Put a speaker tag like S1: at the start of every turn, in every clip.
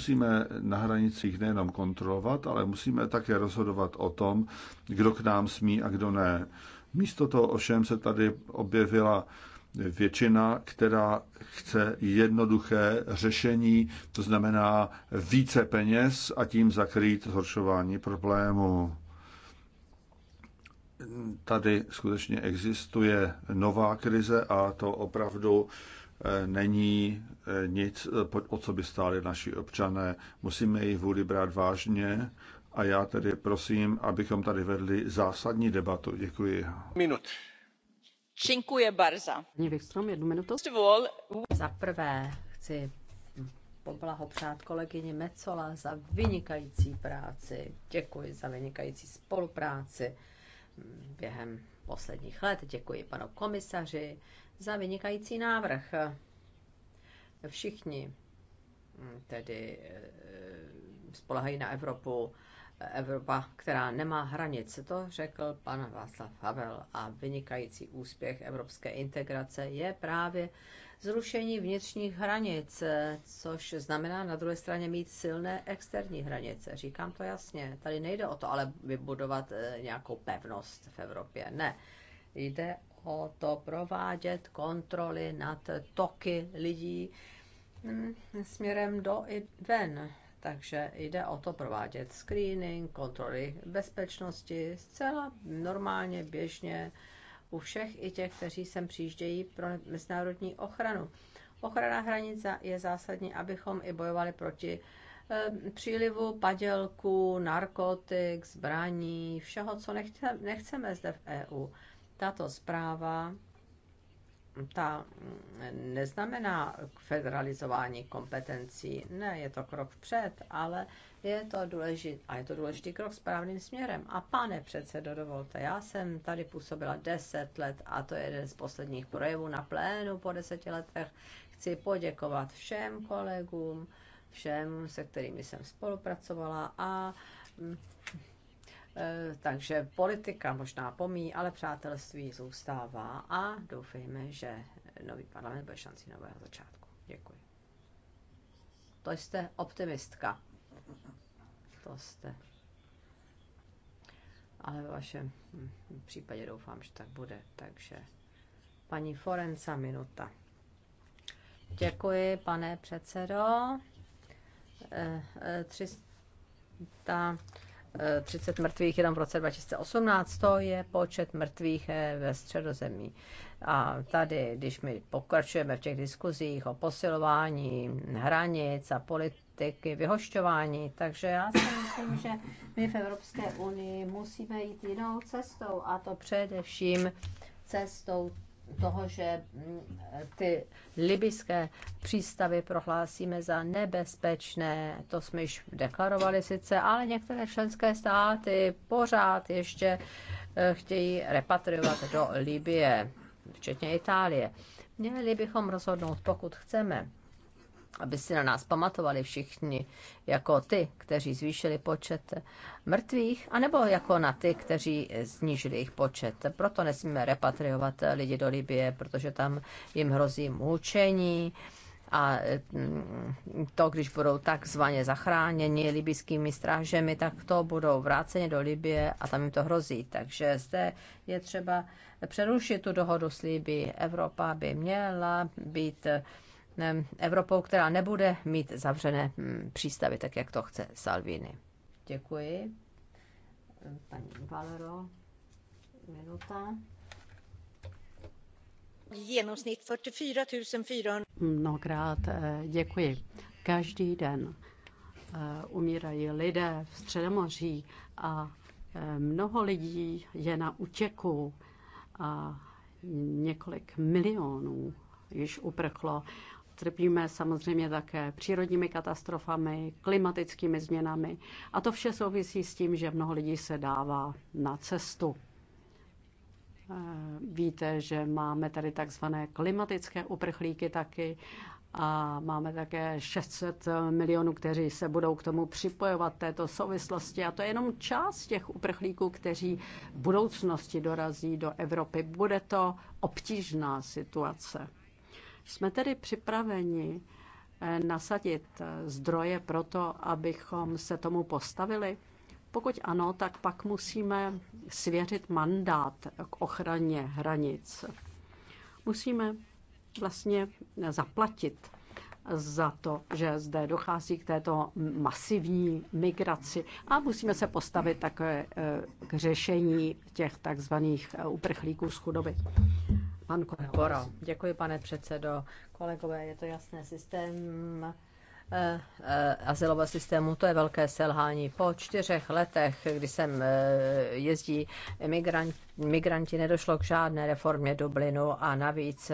S1: Musíme na hranicích nejenom kontrolovat, ale musíme také rozhodovat o tom, kdo k nám smí a kdo ne. Místo toho ovšem se tady objevila většina, která chce jednoduché řešení, to znamená více peněz a tím zakrýt zhoršování problému. Tady skutečně existuje nová krize a to opravdu Eh, není eh, nic, eh, o co by stáli naši občané. Musíme jejich vůli brát vážně a já tedy prosím, abychom tady vedli zásadní debatu. Děkuji. Minut.
S2: Dziękuję Barza.
S3: jednu minutu. Za
S4: prvé chci poblahopřát kolegyně Mecola za vynikající práci. Děkuji za vynikající spolupráci během posledních let. Děkuji panu komisaři za vynikající návrh. Všichni mm, tedy eh, spolehají na Evropu, Evropa, která nemá hranic. To řekl pan Václav Havel a vynikající úspěch evropské integrace je právě zrušení vnitřních hranic, což znamená na druhé straně mít silné externí hranice. Říkám to jasně. Tady nejde o to ale vybudovat eh, nějakou pevnost v Evropě. Ne. Jde o to provádět kontroly nad toky lidí mm, směrem do i ven. Takže jde o to provádět screening, kontroly bezpečnosti, zcela normálně, běžně u všech i těch, kteří sem přijíždějí pro mezinárodní ochranu. Ochrana hranic je zásadní, abychom i bojovali proti přílivu padělků, narkotik, zbraní, všeho, co nechceme zde v EU. Tato zpráva ta neznamená federalizování kompetencí. Ne, je to krok před, ale je to důležitý, a je to důležitý krok správným směrem. A pane předsedo, dovolte, já jsem tady působila deset let a to je jeden z posledních projevů na plénu po deseti letech. Chci poděkovat všem kolegům, všem, se kterými jsem spolupracovala a Eh, takže politika možná pomí, ale přátelství zůstává a doufejme, že nový parlament bude šanci nového začátku. Děkuji. To jste optimistka. To jste. Ale v vašem hm, případě doufám, že tak bude. Takže paní Forenca, minuta. Děkuji, pane předsedo. 300 eh, eh, 30 mrtvých jenom v roce 2018, to je počet mrtvých eh, ve středozemí. A tady, když my pokračujeme v těch diskuzích o posilování hranic a politiky vyhošťování, takže já si myslím, že my v Evropské unii musíme jít jinou cestou a to především cestou toho, že mm, ty libyské přístavy prohlásíme za nebezpečné. To jsme již deklarovali sice, ale některé členské státy pořád ještě eh, chtějí repatriovat do Libie, včetně Itálie. Měli bychom rozhodnout, pokud chceme aby si na nás pamatovali všichni, jako ty, kteří zvýšili počet mrtvých, anebo jako na ty, kteří snížili jejich počet. Proto nesmíme repatriovat lidi do Libie, protože tam jim hrozí mučení a mm, to, když budou takzvaně zachráněni libyskými strážemi, tak to budou vráceni do Libie a tam jim to hrozí. Takže zde je třeba přerušit tu dohodu s Libii. Evropa by měla být Evropou, která nebude mít zavřené mm, přístavy, tak jak to chce Salvini. Děkuji. Paní Valero, minuta. Genomsnitt 44 400.
S3: Mnohokrát eh, děkuji. Každý den eh, umírají lidé v Středomoří a eh, mnoho lidí je na útěku a několik milionů již uprchlo Trpíme samozřejmě také přírodními katastrofami, klimatickými změnami a to vše souvisí s tím, že mnoho lidí se dává na cestu. Eh, víte, že máme tady takzvané klimatické uprchlíky taky a máme také 600 milionů, kteří se budou k tomu připojovat této souvislosti. A to je jenom část těch uprchlíků, kteří v budoucnosti dorazí do Evropy. Bude to obtížná situace. Jsme tedy připraveni eh, nasadit eh, zdroje pro to, abychom se tomu postavili? Pokud ano, tak pak musíme svěřit mandát k ochraně hranic. Musíme vlastně zaplatit za to, že zde dochází k této masivní migraci a musíme se postavit také eh, k řešení těch takzvaných uprchlíků z chudoby. Pan
S4: děkuji pane předsedo. Kolegové, je to jasné, systém eh, eh, asilové systému, to je velké selhání. Po čtyřech letech, kdy sem eh, jezdí migranti, migranti, nedošlo k žádné reformě Dublinu a navíc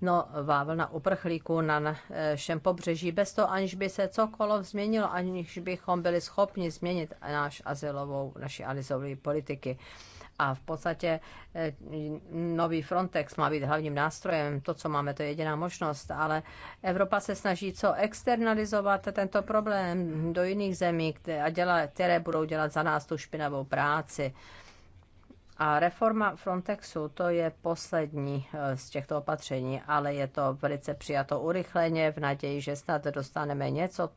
S4: nová vlna uprchlíků na našem pobřeží, bez toho aniž by se cokoliv změnilo, aniž bychom byli schopni změnit náš azylovou, naši azylovou politiky. A v podstatě eh, nový Frontex má být hlavním nástrojem. To, co máme, to je jediná možnost. Ale Evropa se snaží co externalizovat tento problém do jiných zemí, které, a dělá, které budou dělat za nás tu špinavou práci. A reforma Frontexu to je poslední eh, z těchto opatření, ale je to velice přijato urychleně v naději, že snad dostaneme něco,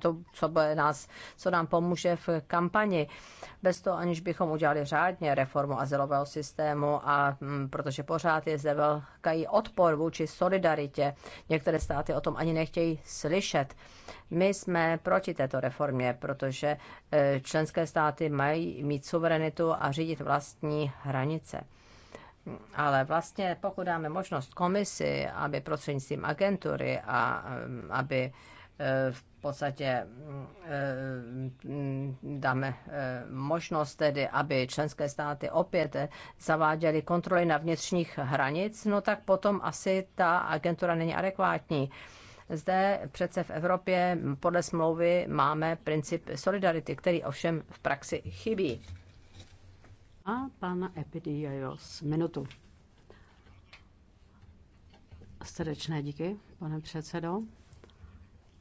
S4: to, co, bude nás, co nám pomůže v kampani. Bez toho, aniž bychom udělali řádně reformu azylového systému, a mm, protože pořád je zde velký odpor vůči solidaritě. Některé státy o tom ani nechtějí slyšet. My jsme proti této reformě, protože eh, členské státy mají mít suverenitu a řídit vlastní hranice. Ale vlastně pokud dáme možnost komisi, aby prostřednictvím agentury a mm, aby e, v podstatě mm, e, dáme e, možnost tedy, aby členské státy opět zaváděly kontroly na vnitřních hranic, no tak potom asi ta agentura není adekvátní. Zde přece v Evropě podle smlouvy máme princip solidarity, který ovšem v praxi chybí. A pan Epidiajos, minutu.
S3: Srdečné díky, pane předsedo.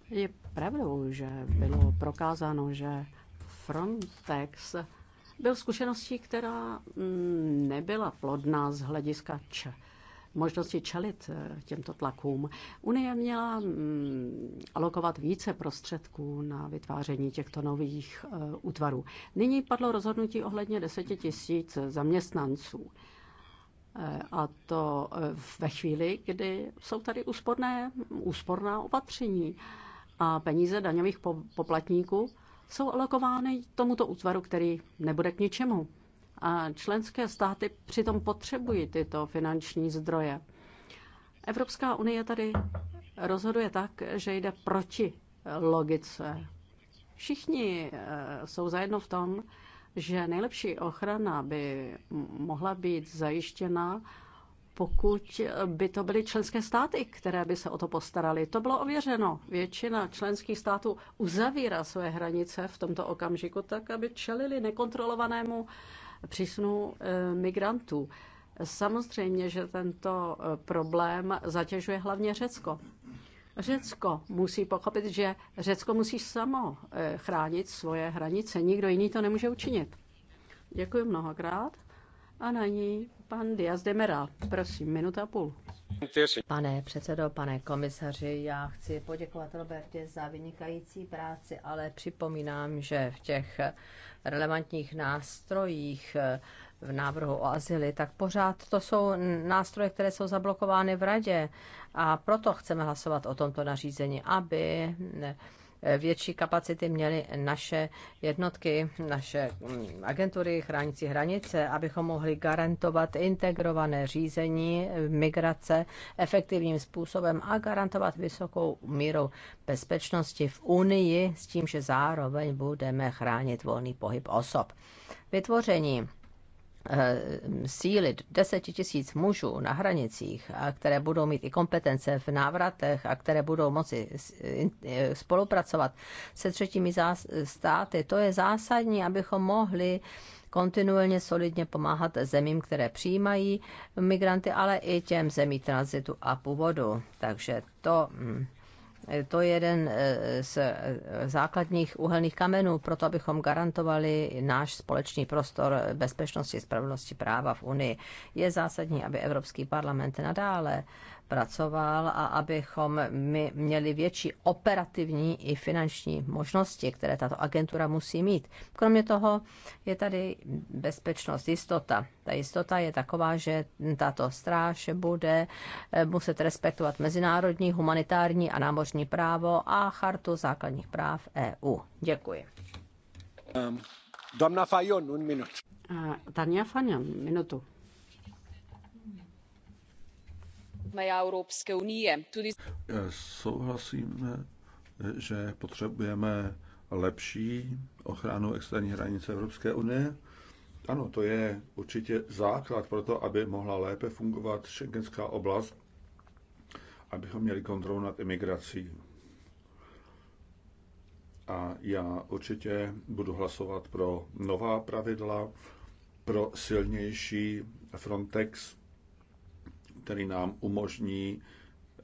S3: Je pravdou, že bylo prokázáno, že Frontex byl zkušeností, která mm, nebyla plodná z hlediska č možnosti čelit eh, těmto tlakům. Unie měla mm, alokovat více prostředků na vytváření těchto nových eh, útvarů. Nyní padlo rozhodnutí ohledně 10 tisíc zaměstnanců. Eh, a to ve chvíli, kdy jsou tady úsporné, úsporná opatření a peníze daňových poplatníků jsou alokovány tomuto útvaru, který nebude k ničemu. A členské státy přitom potřebují tyto finanční zdroje. Evropská unie tady rozhoduje tak, že jde proti logice. Všichni eh, jsou zajedno v tom, že nejlepší ochrana by mohla být zajištěna, pokud by to byly členské státy, které by se o to postarali. To bylo ověřeno. Většina členských států uzavírá své hranice v tomto okamžiku tak, aby čelili nekontrolovanému přísunu eh, migrantů. Samozřejmě, že tento eh, problém zatěžuje hlavně Řecko. Řecko musí pochopit, že Řecko musí samo eh, chránit svoje hranice. Nikdo jiný to nemůže učinit. Děkuji mnohokrát. A na ní Pan Diaz de Meral, prosím, minuta a půl.
S4: Pane předsedo, pane komisaři, já chci poděkovat Robertě za vynikající práci, ale připomínám, že v těch relevantních nástrojích eh, v návrhu o azyli, tak pořád to jsou nástroje, které jsou zablokovány v radě. A proto chceme hlasovat o tomto nařízení, aby eh, větší kapacity měly naše jednotky, naše mm, agentury chránící hranice, abychom mohli garantovat integrované řízení migrace efektivním způsobem a garantovat vysokou míru bezpečnosti v Unii s tím, že zároveň budeme chránit volný pohyb osob. Vytvoření Eh, sílit 10 tisíc mužů na hranicích, a které budou mít i kompetence v návratech a které budou moci eh, spolupracovat se třetími státy, to je zásadní, abychom mohli kontinuálně solidně pomáhat zemím, které přijímají migranty, ale i těm zemí tranzitu a původu. Takže to mm, to je jeden eh, z eh, základních uhelných kamenů pro to, abychom garantovali náš společný prostor bezpečnosti, spravedlnosti práva v Unii. Je zásadní, aby Evropský parlament nadále pracoval a abychom my měli větší operativní i finanční možnosti, které tato agentura musí mít. Kromě toho je tady bezpečnost, jistota. Ta jistota je taková, že tato stráž bude eh, muset respektovat mezinárodní, humanitární a námořní právo a chartu základních práv EU. Děkuji.
S5: Um, Fajon, un minut.
S4: Uh, Tania
S3: Fajon,
S1: minutu.
S6: meja Evropské unie. Tudy...
S1: že potřebujeme lepší ochranu externí hranice Evropské unie. Ano, to je určitě základ pro to, aby mohla lépe fungovat šengenská oblast, abychom měli kontrolu nad imigrací. A já určitě budu hlasovat pro nová pravidla, pro silnější Frontex který nám umožní eh,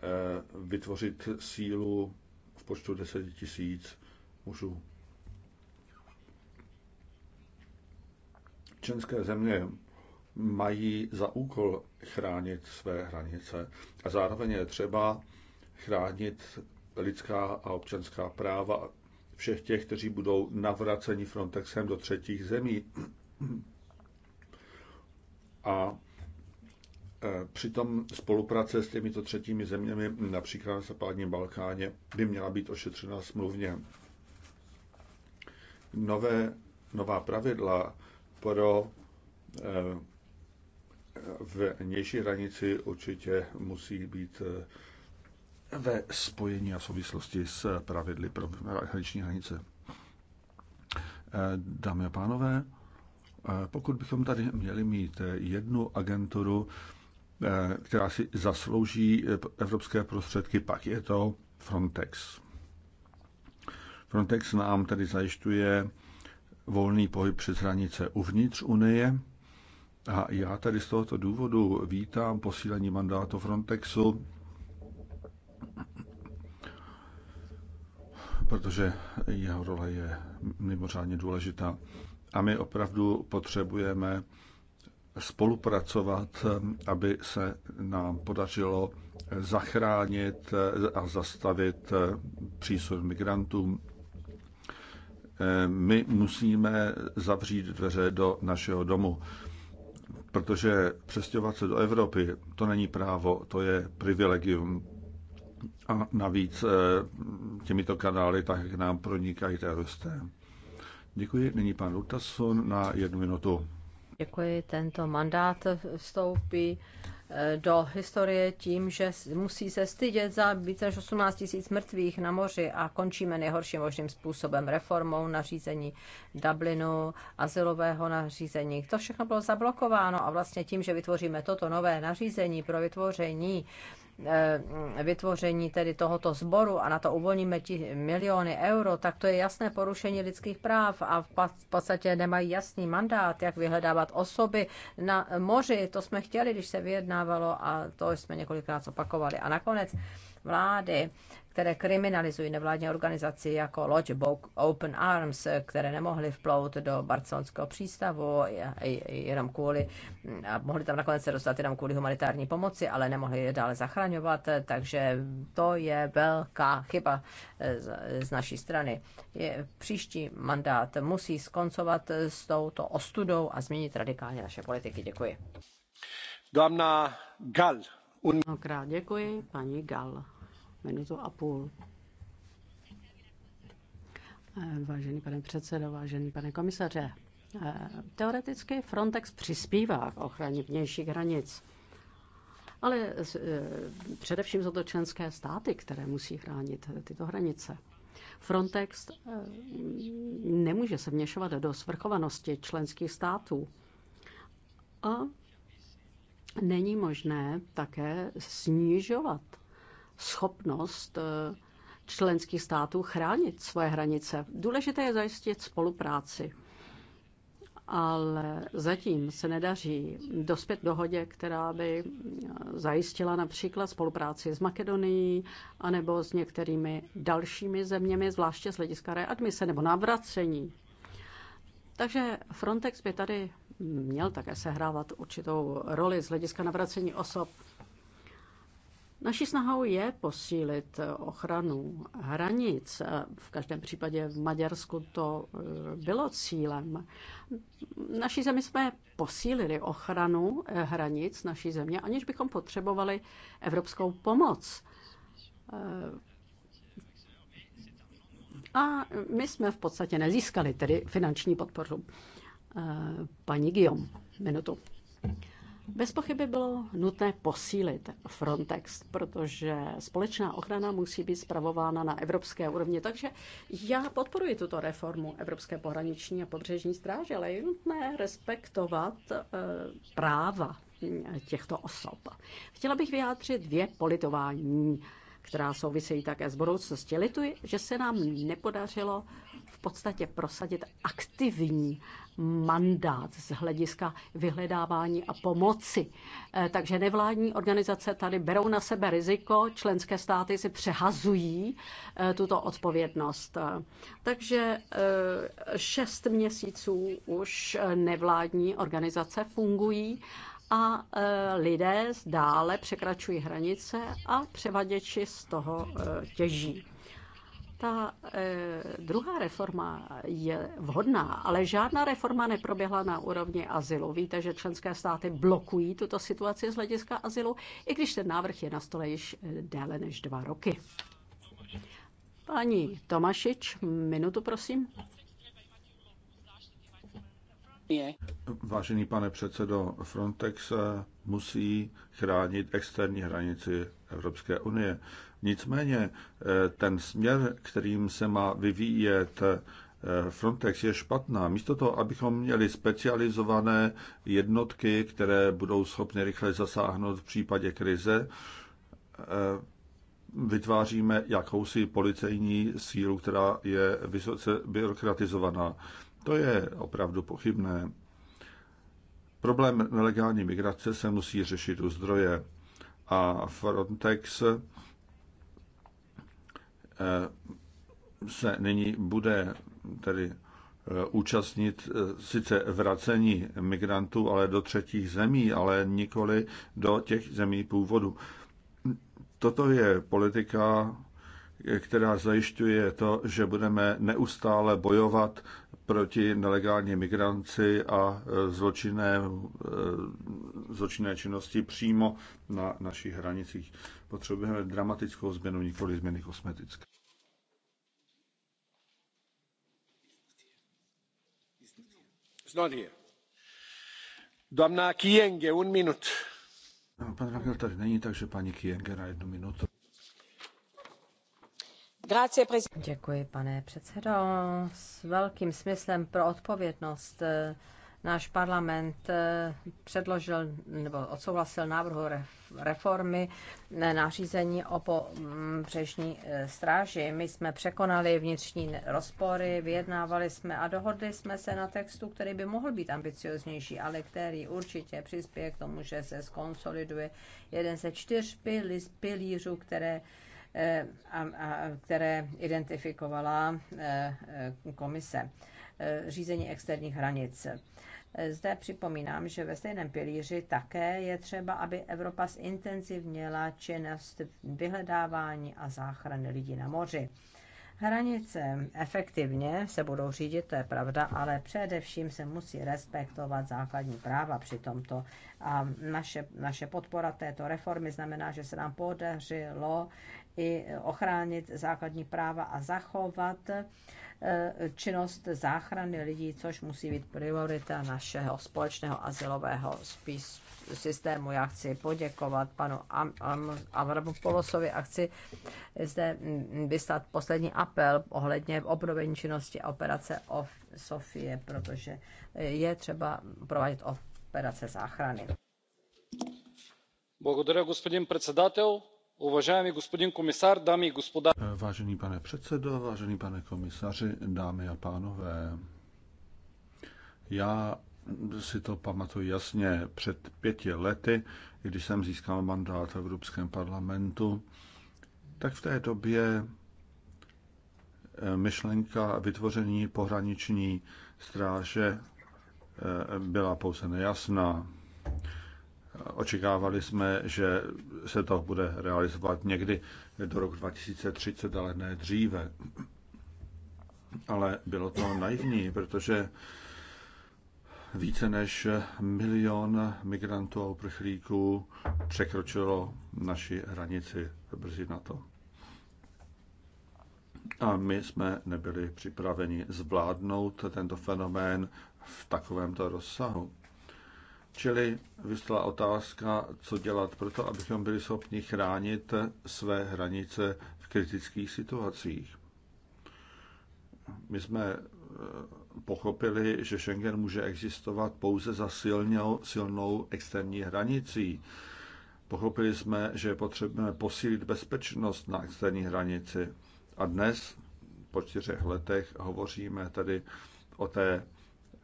S1: vytvořit sílu v počtu 10 tisíc mužů. Členské země mají za úkol chránit své hranice a zároveň je třeba chránit lidská a občanská práva všech těch, kteří budou navraceni Frontexem do třetích zemí. A E, přitom spolupráce s těmito třetími zeměmi, například na západním Balkáně, by měla být ošetřena smluvně. Nové, nová pravidla pro e, vnější hranici určitě musí být e, ve spojení a souvislosti s pravidly pro hraniční hranice. Dámy a pánové, pokud bychom tady měli mít jednu agenturu, Eh, která si zaslouží eh, evropské prostředky, pak je to Frontex. Frontex nám tedy zajišťuje volný pohyb přes hranice uvnitř Unie. A já tady z tohoto důvodu vítám posílení mandátu Frontexu, protože jeho role je mimořádně důležitá. A my opravdu potřebujeme spolupracovat, aby se nám podařilo zachránit a zastavit přísun migrantů. My musíme zavřít dveře do našeho domu, protože přestěhovat se do Evropy to není právo, to je privilegium. A navíc eh, těmito kanály tak nám pronikají
S4: teroristé.
S1: Děkuji. Nyní pan Lutason na jednu minutu.
S4: Děkuji, tento mandát vstoupí eh, do historie tím, že musí se stydět za více než 18 tisíc mrtvých na moři a končíme nejhorším možným způsobem reformou nařízení Dublinu, asilového nařízení. To všechno bylo zablokováno a vlastně tím, že vytvoříme toto nové nařízení pro vytvoření Eh, vytvoření tedy tohoto sboru a na to uvolníme ti miliony euro, tak to je jasné porušení lidských práv a v podstatě nemají jasný mandát, jak vyhledávat osoby na moři. To jsme chtěli, když se vyjednávalo a to jsme několikrát opakovali. A nakonec vlády, které kriminalizují nevládní organizaci jako loď Open Arms, které nemohly vplout do barcelonského přístavu jenom kvůli, a mohli tam nakonec se dostat jenom kvůli humanitární pomoci, ale nemohli je dále zachraňovat, takže to je velká chyba eh, z, z naší strany. Je, příští mandát musí skoncovat s touto ostudou a změnit radikálně naše politiky. Děkuji.
S5: Dámna Gal.
S4: Un... Děkuji, paní
S3: Gal minutu a půl. Eh, vážený pane předsedo, vážený pane komisaře, eh, teoreticky Frontex přispívá k ochraně vnějších hranic, ale eh, především jsou to členské státy, které musí chránit tyto hranice. Frontex nemůže se vměšovat do svrchovanosti členských států a není možné také snižovat schopnost eh, členských států chránit svoje hranice. Důležité je zajistit spolupráci, ale zatím se nedaří dospět dohodě, která by eh, zajistila například spolupráci s Makedonií anebo s některými dalšími zeměmi, zvláště z hlediska readmise nebo navracení. Takže Frontex by tady měl také sehrávat určitou roli z hlediska navracení osob Naší snahou je posílit ochranu hranic. V každém případě v Maďarsku to eh, bylo cílem. Naší zemi jsme posílili ochranu eh, hranic naší země, aniž bychom potřebovali evropskou pomoc. Eh, a my jsme v podstatě nezískali tedy finanční podporu. Paní Guillaume, minutu. Bez pochyby bylo nutné posílit Frontex, protože společná ochrana musí být zpravována na evropské úrovni. Takže já podporuji tuto reformu Evropské pohraniční a pobřežní stráže, ale je nutné respektovat eh, práva hm, těchto osob. Chtěla bych vyjádřit dvě politování která souvisejí také s budoucností. Lituji, že se nám nepodařilo v podstatě prosadit aktivní mandát z hlediska vyhledávání a pomoci. Eh, takže nevládní organizace tady berou na sebe riziko, členské státy si přehazují eh, tuto odpovědnost. Eh, takže šest měsíců už nevládní organizace fungují a lidé dále překračují hranice a převaděči z toho těží. Ta eh, druhá reforma je vhodná, ale žádná reforma neproběhla na úrovni asilu. Víte, že členské státy blokují tuto situaci z hlediska asilu, i když ten návrh je na stole již eh, déle než dva roky. Paní Tomašič, minutu prosím.
S1: Je. Vážený pane předsedo, Frontex eh, musí chránit externí hranici Evropské unie. Nicméně eh, ten směr, kterým se má vyvíjet eh, Frontex je špatná. Místo toho, abychom měli specializované jednotky, které budou schopny rychle zasáhnout v případě krize, eh, vytváříme jakousi policejní sílu, která je vysoce byrokratizovaná. To je opravdu pochybné. Problém nelegální migrace se musí řešit u zdroje a Frontex Eh, se nyní bude tedy eh, účastnit eh, sice vracení migrantů, ale do třetích zemí, ale nikoli do těch zemí původu. Toto je politika, která zajišťuje to, že budeme neustále bojovat proti nelegální migranci a e, zločinné, e, zločinné činnosti přímo na našich hranicích. Potřebujeme dramatickou změnu, nikoli změny kosmetické. No, pan Rangel tady není, takže paní Kienge na jednu minutu.
S4: Děkuji, pane předsedo. S velkým smyslem pro odpovědnost eh, náš parlament eh, předložil nebo odsouhlasil návrhu reformy eh, nářízení o pobřežní mm, stráži. My jsme překonali vnitřní rozpory, vyjednávali jsme a dohodli jsme se na textu, který by mohl být ambicioznější, ale který určitě přispěje k tomu, že se skonsoliduje jeden ze čtyř pilířů, které Eh, a které identifikovala eh, komise eh, řízení externích hranic. Zde připomínám, že ve stejném pilíři také je třeba, aby Evropa zintenzivněla činnost vyhledávání a záchrany lidí na moři. Hranice efektivně se budou řídit, to je pravda, ale především se musí respektovat základní práva při tomto. A naše, naše podpora této reformy znamená, že se nám podařilo i ochránit základní práva a zachovat e, činnost záchrany lidí, což musí být priorita našeho společného asilového spisu systému. Já chci poděkovat panu Polosovi a chci zde mm, vystat poslední apel ohledně obnovení činnosti operace o Sofie, protože je třeba provádět operace záchrany.
S5: Děkuji. господин председател.
S1: Vážený pane předsedo, vážený pane komisaři, dámy a pánové, já si to pamatuju jasně před pěti lety, když jsem získal mandát v Evropském parlamentu, tak v té době e, myšlenka vytvoření pohraniční stráže e, byla pouze nejasná. Očekávali jsme, že se to bude realizovat někdy do roku 2030, ale ne dříve. Ale bylo to naivní, protože více než milion migrantů a uprchlíků překročilo naši hranici brzy na to. A my jsme nebyli připraveni zvládnout tento fenomén v takovémto rozsahu. Čili vyslala otázka, co dělat pro to, abychom byli schopni chránit své hranice v kritických situacích. My jsme eh, pochopili, že Schengen může existovat pouze za silnou, silnou externí hranicí. Pochopili jsme, že potřebujeme posílit bezpečnost na externí hranici. A dnes, po čtyřech letech, hovoříme tedy o té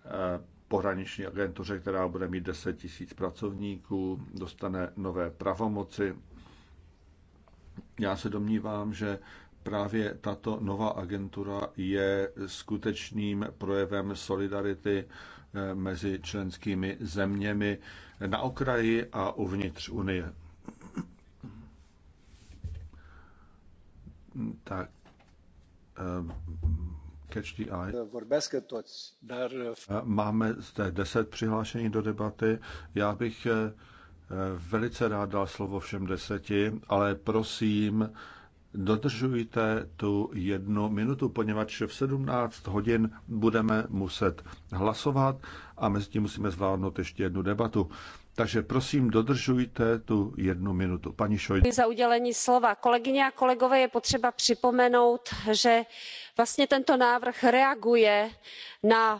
S1: eh, pohraniční agentuře, která bude mít 10 tisíc pracovníků, dostane nové pravomoci. Já se domnívám, že právě tato nová agentura je skutečným projevem solidarity eh, mezi členskými zeměmi na okraji a uvnitř Unie. Tak eh, Catch the Eye. Uh, máme zde deset přihlášení do debaty. Já bych eh, eh, velice rád dal slovo všem deseti, ale prosím, dodržujte tu jednu minutu, poněvadž v 17 hodin budeme muset hlasovat a mezi tím musíme zvládnout ještě jednu debatu. Takže prosím, dodržujte tu jednu minutu. Pani Šojdrová.
S6: za udělení slova. Kolegyně a kolegové, je potřeba připomenout, že vlastně tento návrh reaguje na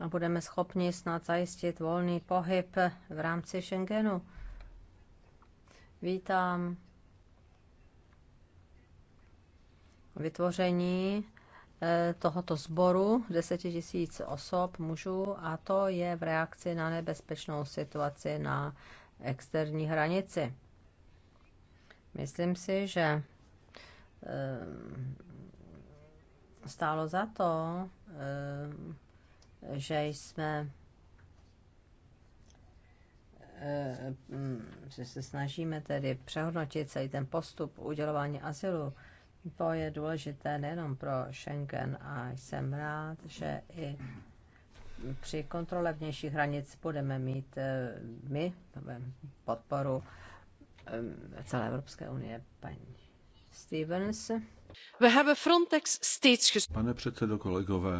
S4: a budeme schopni snad zajistit volný pohyb v rámci Schengenu. Vítám vytvoření eh, tohoto sboru 10 tisíc osob mužů a to je v reakci na nebezpečnou situaci na externí hranici. Myslím si, že eh, stálo za to eh, že jsme eh, že se snažíme tedy přehodnotit celý ten postup udělování asilu. To je důležité nejenom pro Schengen a jsem rád, že i při kontrole vnějších hranic budeme mít eh, my podporu eh, celé Evropské unie, paní Stevens.
S1: Pane předsedo, kolegové,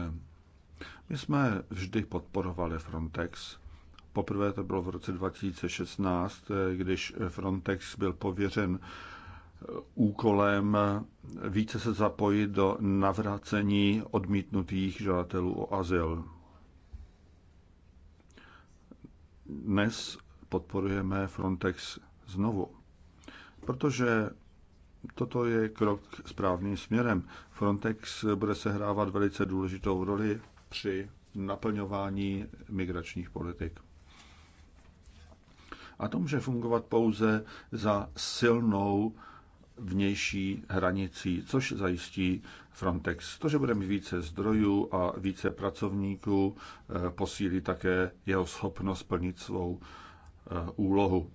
S1: my jsme vždy podporovali Frontex. Poprvé to bylo v roce 2016, když Frontex byl pověřen eh, úkolem eh, více se zapojit do navracení odmítnutých žadatelů o azyl. Dnes podporujeme Frontex znovu, protože toto je krok správným směrem. Frontex bude sehrávat velice důležitou roli při naplňování migračních politik. A to může fungovat pouze za silnou vnější hranicí, což zajistí Frontex. To, že bude mít více zdrojů a více pracovníků, eh, posílí také jeho schopnost plnit svou eh, úlohu.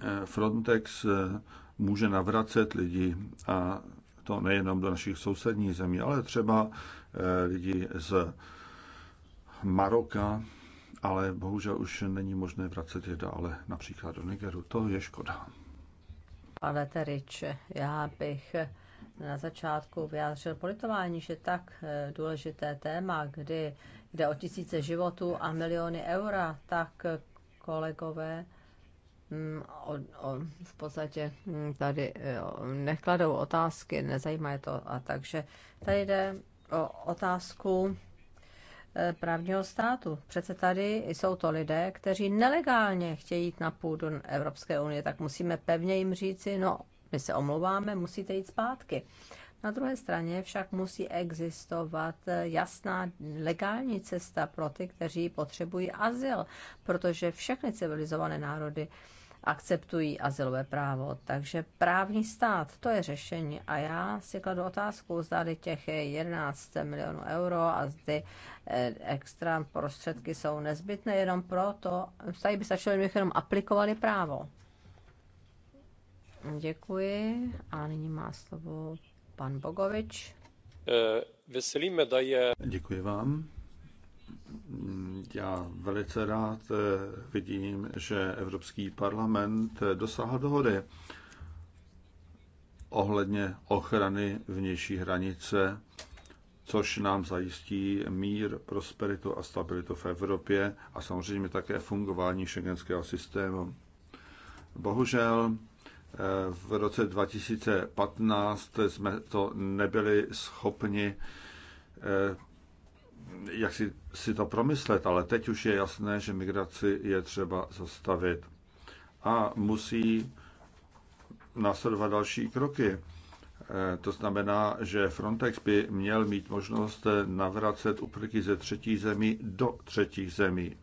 S1: Eh, Frontex může navracet lidi a to nejenom do našich sousedních zemí, ale třeba eh, lidi z Maroka, ale bohužel už není možné vracet je dále například do Nigeru. To je škoda.
S4: Pane Terič, já bych na začátku vyjádřil politování, že tak eh, důležité téma, kdy jde o tisíce životů a miliony eura, tak eh, kolegové Mm, o, o, v podstatě mm, tady e, nekladou otázky, nezajímá je to. A takže tady jde o otázku e, právního státu. Přece tady jsou to lidé, kteří nelegálně chtějí jít na půdu Evropské unie, tak musíme pevně jim říci, no, my se omlouváme, musíte jít zpátky. Na druhé straně však musí existovat e, jasná legální cesta pro ty, kteří potřebují azyl, protože všechny civilizované národy akceptují azylové právo. Takže právní stát, to je řešení. A já si kladu otázku, zda těch 11 milionů euro a zde eh, extra prostředky jsou nezbytné jenom proto, tady by stačilo, kdybych jenom aplikovali právo. Děkuji a nyní má slovo pan Bogovič.
S7: Eh, veselíme, da je...
S1: Děkuji vám. Já velice rád eh, vidím, že Evropský parlament eh, dosáhl dohody ohledně ochrany vnější hranice, což nám zajistí mír, prosperitu a stabilitu v Evropě a samozřejmě také fungování šengenského systému. Bohužel eh, v roce 2015 jsme to nebyli schopni jak si, si to promyslet, ale teď už je jasné, že migraci je třeba zastavit. A musí následovat další kroky. E, to znamená, že Frontex by měl mít možnost navracet uprchlíky ze třetích zemí do třetích zemí.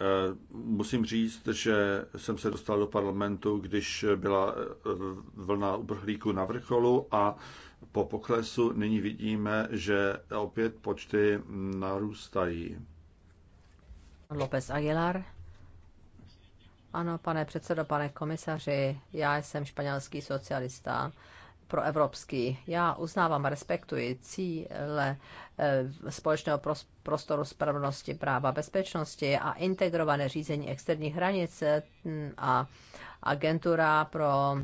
S1: E, musím říct, že jsem se dostal do parlamentu, když byla vlna uprchlíků na vrcholu a po poklesu nyní vidíme, že opět počty narůstají.
S4: López Aguilar. Ano, pane předsedo, pane komisaři, já jsem španělský socialista pro evropský. Já uznávám a respektuji cíle eh, společného prostoru spravedlnosti, práva, bezpečnosti a integrované řízení externích hranic hm, a agentura pro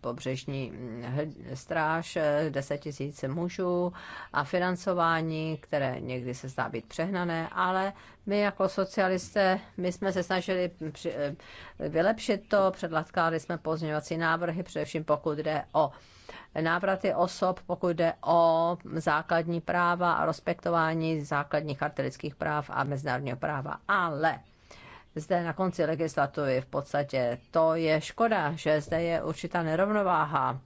S4: pobřežní po, po stráž, 10 tisíc mužů a financování, které někdy se zdá být přehnané, ale my jako socialisté, my jsme se snažili při, vylepšit to, předlatkali jsme pozměňovací návrhy, především pokud jde o návraty osob, pokud jde o základní práva a respektování základních charakteristických práv a mezinárodního práva. Ale zde na konci legislativy v podstatě. To je škoda, že zde je určitá nerovnováha,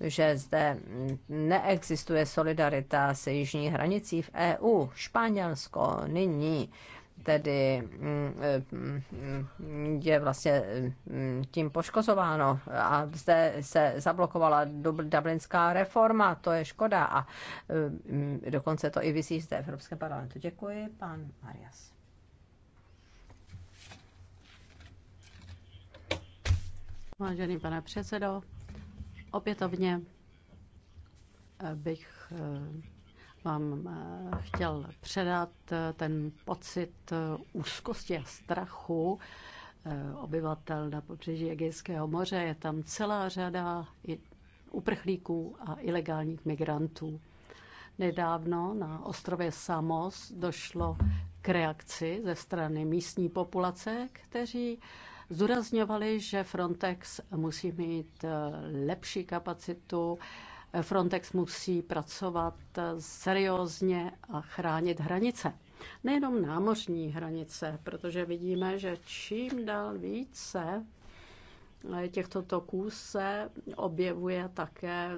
S4: že zde neexistuje solidarita se jižní hranicí v EU. Španělsko nyní tedy mm, je vlastně mm, tím poškozováno. A zde se zablokovala dublinská reforma, to je škoda. A mm, dokonce to i vysí zde v Evropském parlamentu. Děkuji, pan Marias.
S3: Vážený pane předsedo, opětovně eh, bych eh, vám eh, chtěl předat ten pocit úzkosti a strachu obyvatel na pobřeží Egejského moře. Je tam celá řada uprchlíků a ilegálních migrantů. Nedávno na ostrově Samos došlo k reakci ze strany místní populace, kteří zdůrazňovali, že Frontex musí mít eh, lepší kapacitu, Frontex musí pracovat eh, seriózně a chránit hranice. Nejenom námořní hranice, protože vidíme, že čím dál více eh, těchto toků se objevuje také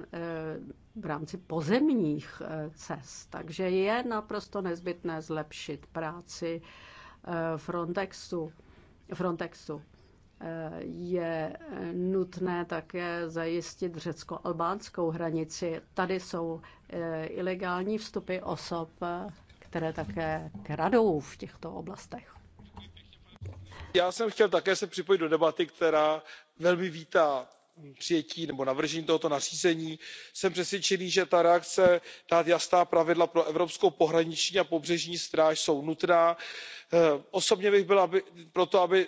S3: v rámci pozemních cest. Takže je naprosto nezbytné zlepšit práci Frontexu. Frontexu je nutné také zajistit řecko-albánskou hranici. Tady jsou eh, ilegální vstupy osob, které také kradou v těchto oblastech.
S5: Já jsem chtěl také se připojit do debaty, která velmi vítá přijetí nebo navržení tohoto nařízení. jsem přesvědčený že ta reakce dát jasná pravidla pro evropskou pohraniční a pobřežní stráž jsou nutná. Eh, osobně bych byl pro to aby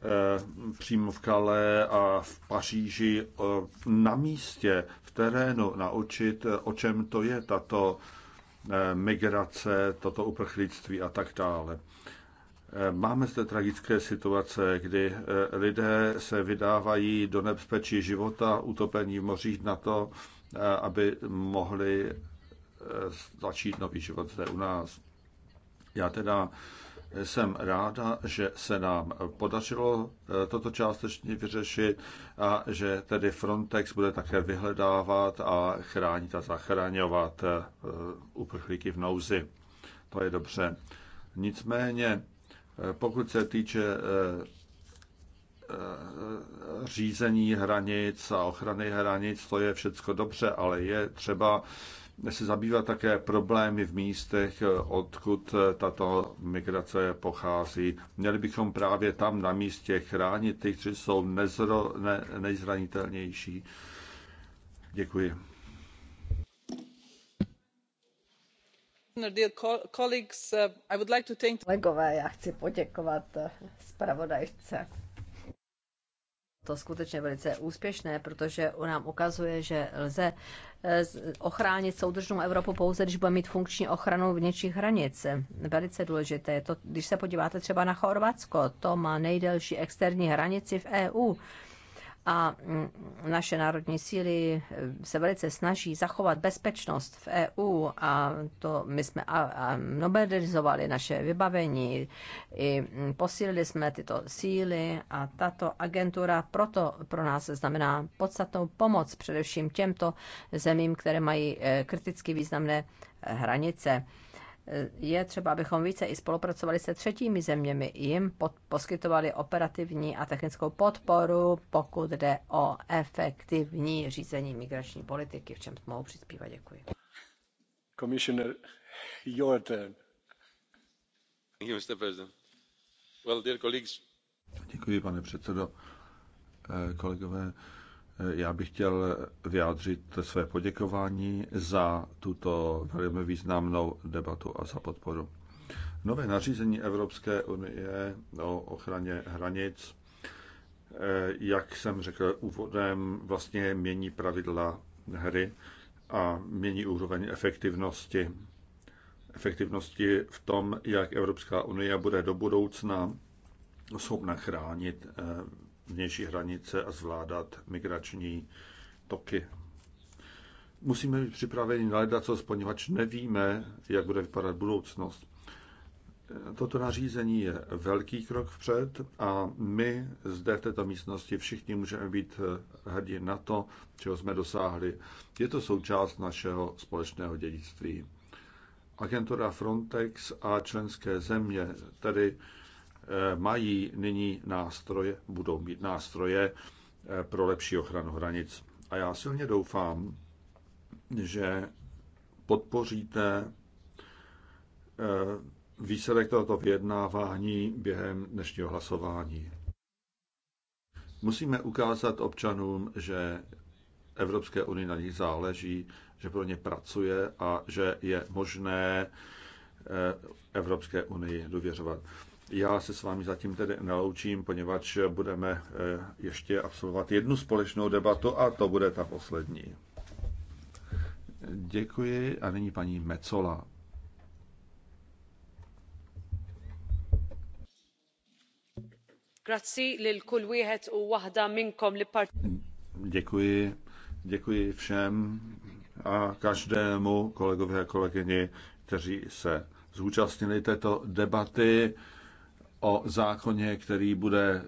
S1: Eh, přímo v Kale a v Paříži eh, na místě, v terénu naučit, eh, o čem to je tato migrace, toto uprchlictví a tak dále. Máme zde tragické situace, kdy lidé se vydávají do nebezpečí života, utopení v mořích na to, aby mohli začít nový život zde u nás. Já teda jsem ráda, že se nám podařilo eh, toto částečně vyřešit a že tedy Frontex bude také vyhledávat a chránit a zachraňovat eh, uprchlíky v nouzi. To je dobře. Nicméně, eh, pokud se týče řízení hranic a ochrany hranic, to je všecko dobře, ale je třeba se zabývat také problémy v místech, odkud tato migrace pochází. Měli bychom právě tam na místě chránit ty, kteří jsou nezro, ne, nejzranitelnější. Děkuji.
S2: Uh,
S4: Kolegové, já chci poděkovat uh, zpravodajce to skutečně velice úspěšné, protože nám ukazuje, že lze eh, ochránit soudržnou Evropu pouze, když bude mít funkční ochranu vnějších hranic. Velice důležité je to, když se podíváte třeba na Chorvatsko, to má nejdelší externí hranici v EU a mm, naše národní síly eh, se velice snaží zachovat bezpečnost v EU a to my jsme a, a modernizovali naše vybavení, i mm, posílili jsme tyto síly a tato agentura proto pro nás znamená podstatnou pomoc především těmto zemím, které mají eh, kriticky významné eh, hranice je třeba, abychom více i spolupracovali se třetími zeměmi, jim pod, poskytovali operativní a technickou podporu, pokud jde o efektivní řízení migrační politiky, v čem mohou přispívat. Děkuji.
S5: Commissioner, your turn. Thank you, Mr. President. Well, dear colleagues.
S1: Děkuji, pane předsedo. Eh, kolegové, já bych chtěl vyjádřit své poděkování za tuto velmi významnou debatu a za podporu. Nové nařízení Evropské unie o ochraně hranic, eh, jak jsem řekl úvodem, vlastně mění pravidla hry a mění úroveň efektivnosti. Efektivnosti v tom, jak Evropská unie bude do budoucna schopna chránit eh, vnější hranice a zvládat migrační toky. Musíme být připraveni na leda, co sponěvač nevíme, jak bude vypadat budoucnost. Toto nařízení je velký krok vpřed a my zde v této místnosti všichni můžeme být hrdí na to, čeho jsme dosáhli. Je to součást našeho společného dědictví. Agentura Frontex a členské země tedy mají nyní nástroje, budou mít nástroje eh, pro lepší ochranu hranic. A já silně doufám, že podpoříte eh, výsledek tohoto vyjednávání během dnešního hlasování. Musíme ukázat občanům, že Evropské unii na nich záleží, že pro ně pracuje a že je možné eh, Evropské unii důvěřovat. Já se s vámi zatím tedy neloučím, poněvadž budeme eh, ještě absolvovat jednu společnou debatu a to bude ta poslední. Děkuji a nyní paní Mecola. Děkuji, děkuji všem a každému kolegovi a kolegyni, kteří se zúčastnili této debaty o zákoně, který bude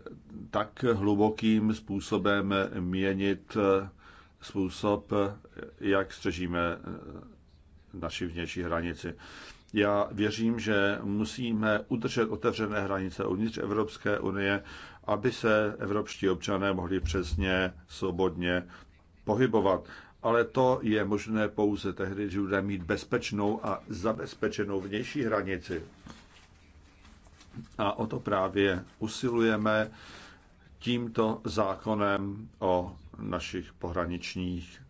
S1: tak hlubokým způsobem měnit způsob, jak střežíme naši vnější hranici. Já věřím, že musíme udržet otevřené hranice uvnitř Evropské unie, aby se evropští občané mohli přesně, svobodně pohybovat. Ale to je možné pouze tehdy, když budeme mít bezpečnou a zabezpečenou vnější hranici. A o to právě usilujeme tímto zákonem o našich pohraničních,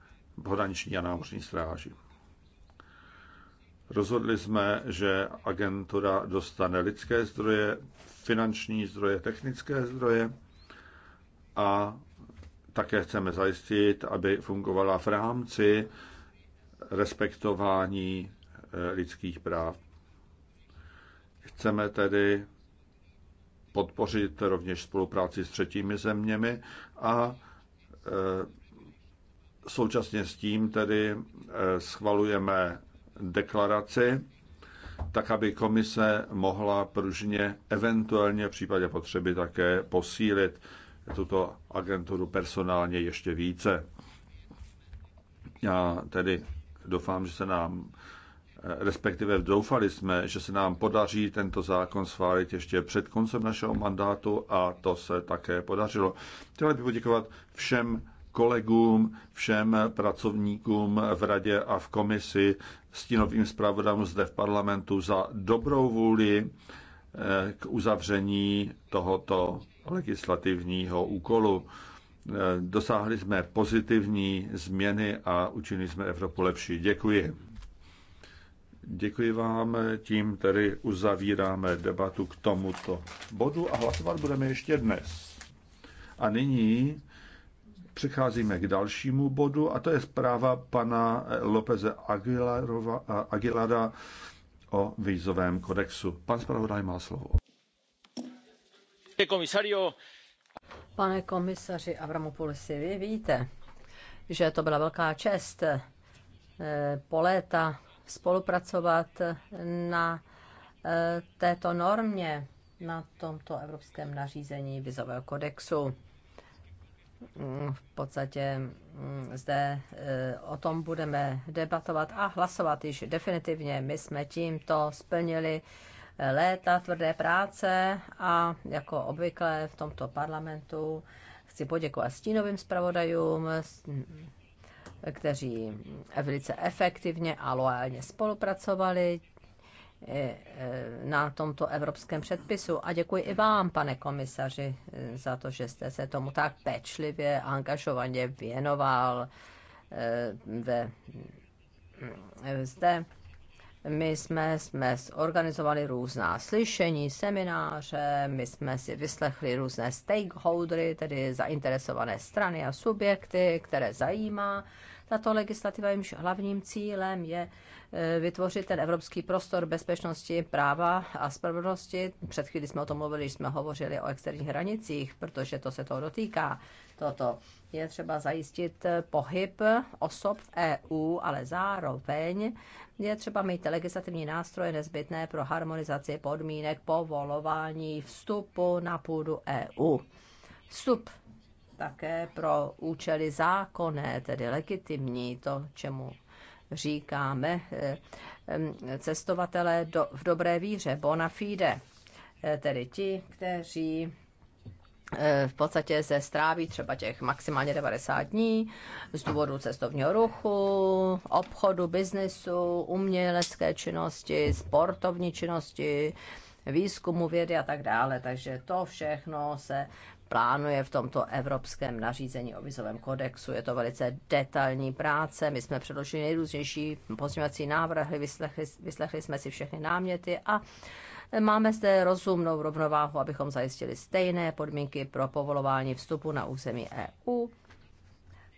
S1: pohraniční a námořní stráži. Rozhodli jsme, že agentura dostane lidské zdroje, finanční zdroje, technické zdroje a také chceme zajistit, aby fungovala v rámci respektování eh, lidských práv. Chceme tedy podpořit rovněž spolupráci s třetími zeměmi a e, současně s tím tedy e, schvalujeme deklaraci, tak aby komise mohla pružně, eventuálně v případě potřeby také posílit tuto agenturu personálně ještě více. Já tedy doufám, že se nám respektive doufali jsme, že se nám podaří tento zákon schválit ještě před koncem našeho mandátu a to se také podařilo. Chtěl bych poděkovat všem kolegům, všem pracovníkům v radě a v komisi, stínovým zpravodajům zde v parlamentu za dobrou vůli eh, k uzavření tohoto legislativního úkolu. Eh, dosáhli jsme pozitivní změny a učinili jsme Evropu lepší. Děkuji. Děkuji vám, tím tedy uzavíráme debatu k tomuto bodu a hlasovat budeme ještě dnes. A nyní přecházíme k dalšímu bodu a to je zpráva pana Lopeze Aguilara o výzovém kodexu. Pan zpravodaj má slovo.
S8: Pane
S4: komisaři Avramopoulisi, vy víte, že to byla velká čest eh, po léta spolupracovat na eh, této normě, na tomto evropském nařízení vizového kodexu. V podstatě mm, zde eh, o tom budeme debatovat a hlasovat již definitivně. My jsme tímto splnili eh, léta tvrdé práce a jako obvykle v tomto parlamentu chci poděkovat stínovým zpravodajům, kteří velice efektivně a loajálně spolupracovali eh, eh, na tomto evropském předpisu. A děkuji i vám, pane komisaři, eh, za to, že jste se tomu tak pečlivě a angažovaně věnoval ve, zde. My jsme, jsme organizovali různá slyšení, semináře, my jsme si vyslechli různé stakeholdery, tedy zainteresované strany a subjekty, které zajímá tato legislativa, jejímž hlavním cílem je e, vytvořit ten evropský prostor bezpečnosti, práva a spravedlnosti. Před chvíli jsme o tom mluvili, když jsme hovořili o externích hranicích, protože to se toho dotýká. Toto je třeba zajistit e, pohyb osob v EU, ale zároveň je třeba mít legislativní nástroje nezbytné pro harmonizaci podmínek povolování vstupu na půdu EU. Vstup také pro účely zákonné, tedy legitimní, to, čemu říkáme eh, cestovatelé do, v dobré víře, bona fide, eh, tedy ti, kteří eh, v podstatě se stráví třeba těch maximálně 90 dní z důvodu cestovního ruchu, obchodu, biznesu, umělecké činnosti, sportovní činnosti, výzkumu vědy a tak dále. Takže to všechno se plánuje v tomto evropském nařízení o vizovém kodexu. Je to velice detailní práce. My jsme předložili nejrůznější pozměňovací návrhy, vyslechli, vyslechli jsme si všechny náměty a Máme zde rozumnou rovnováhu, abychom zajistili stejné podmínky pro povolování vstupu na území EU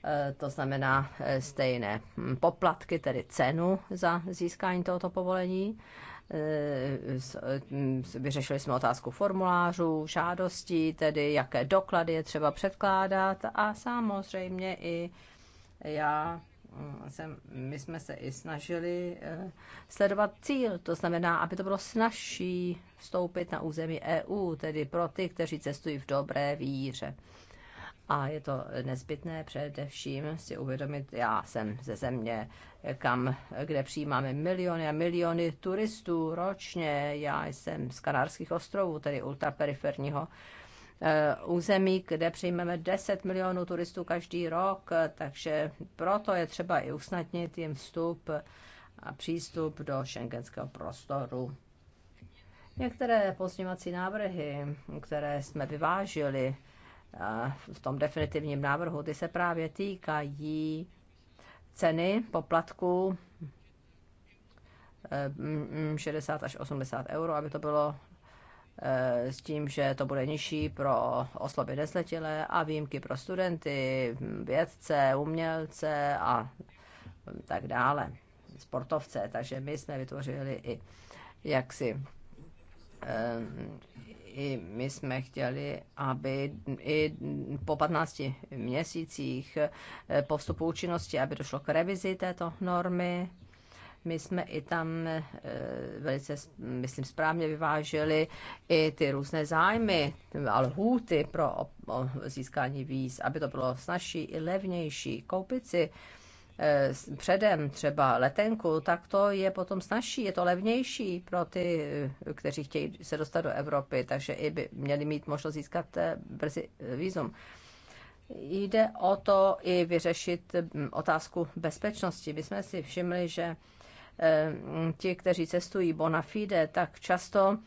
S4: e, to znamená e, stejné poplatky, tedy cenu za získání tohoto povolení. Eh, eh, vyřešili jsme otázku formulářů, žádostí, tedy jaké doklady je třeba předkládat a samozřejmě i já eh, jsem, my jsme se i snažili sledovat cíl, to znamená, aby to bylo snažší vstoupit na území EU, tedy pro ty, kteří cestují v dobré víře. A je to nezbytné především si uvědomit, já jsem ze země, kam, kde přijímáme miliony a miliony turistů ročně. Já jsem z Kanárských ostrovů, tedy ultraperiferního eh, území, kde přijmeme 10 milionů turistů každý rok, takže proto je třeba i usnadnit jim vstup a přístup do šengenského prostoru. Některé pozměňovací návrhy, které jsme vyvážili, v tom definitivním návrhu, ty se právě týkají ceny poplatku 60 eh, až 80 euro, aby to bylo eh, s tím, že to bude nižší pro osoby nezletilé a výjimky pro studenty, vědce, umělce a tak dále, sportovce. Takže my jsme vytvořili i jaksi eh, i my jsme chtěli, aby i po 15 měsících eh, po vstupu účinnosti, aby došlo k revizi této normy. My jsme i tam eh, velice, myslím, správně vyváželi i ty různé zájmy a lhůty pro získání víz, aby to bylo snažší i levnější koupit si Eh, předem třeba letenku, tak to je potom snažší, je to levnější pro ty, eh, kteří chtějí se dostat do Evropy, takže i by měli mít možnost získat eh, brzy výzum. Jde o to i vyřešit hm, otázku bezpečnosti. My jsme si všimli, že ti, kteří cestují bona fide, tak často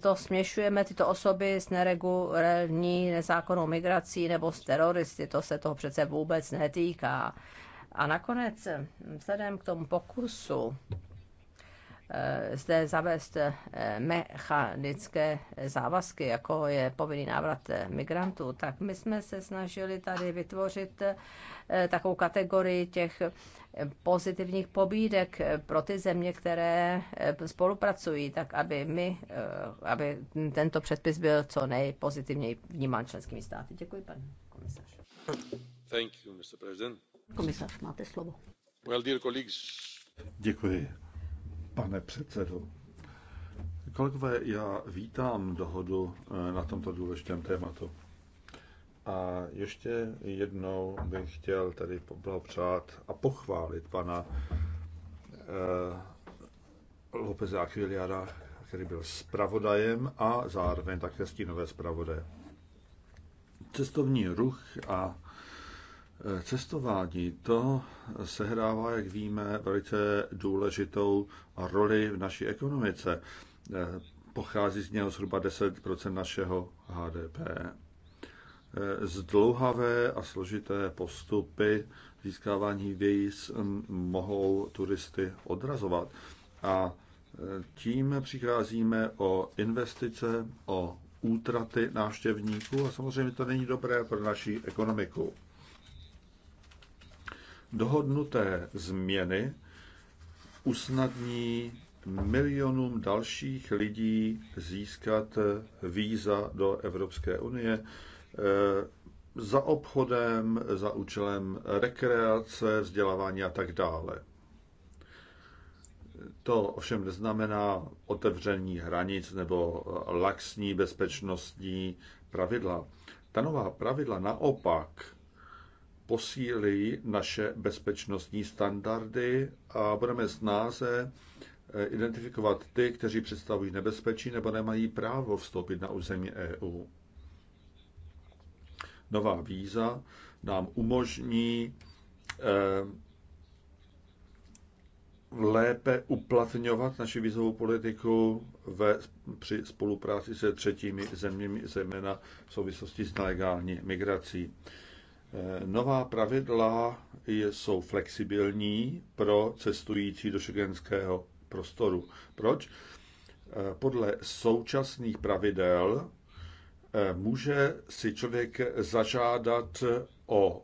S4: to směšujeme tyto osoby s neregulární nezákonnou migrací nebo s teroristy. To se toho přece vůbec netýká. A nakonec, vzhledem k tomu pokusu eh, zde zavést eh, mechanické závazky, jako je povinný návrat eh, migrantů, tak my jsme se snažili tady vytvořit takovou kategorii těch pozitivních pobídek pro ty země, které spolupracují, tak aby my, aby tento předpis byl co nejpozitivněji vnímán členskými státy. Děkuji, pane komisaře.
S1: Thank you, Mr. President máte slovo. Well, dear colleagues. Děkuji, pane předsedo. Kolegové, já vítám dohodu eh, na tomto důležitém tématu. A ještě jednou bych chtěl tady poblahopřát a pochválit pana eh, López Aquiliara, který byl spravodajem a zároveň také stínové zpravodaje. Cestovní ruch a eh, Cestování to sehrává, jak víme, velice důležitou roli v naší ekonomice. Pochází z něho zhruba 10 našeho HDP. Zdlouhavé a složité postupy získávání víz mohou turisty odrazovat. A tím přicházíme o investice, o útraty návštěvníků a samozřejmě to není dobré pro naši ekonomiku. Dohodnuté změny usnadní milionům dalších lidí získat víza do Evropské unie eh, za obchodem, za účelem rekreace, vzdělávání a tak dále. To ovšem neznamená otevření hranic nebo laxní bezpečnostní pravidla. Ta nová pravidla naopak posílí naše bezpečnostní standardy a budeme snáze eh, identifikovat ty, kteří představují nebezpečí nebo nemají právo vstoupit na území EU. Nová víza nám umožní eh, lépe uplatňovat naši vízovou politiku ve, při spolupráci se třetími zeměmi, zejména v souvislosti s nelegální migrací. Eh, nová pravidla jsou flexibilní pro cestující do šegenského prostoru. Proč? Eh, podle současných pravidel eh, může si člověk zažádat o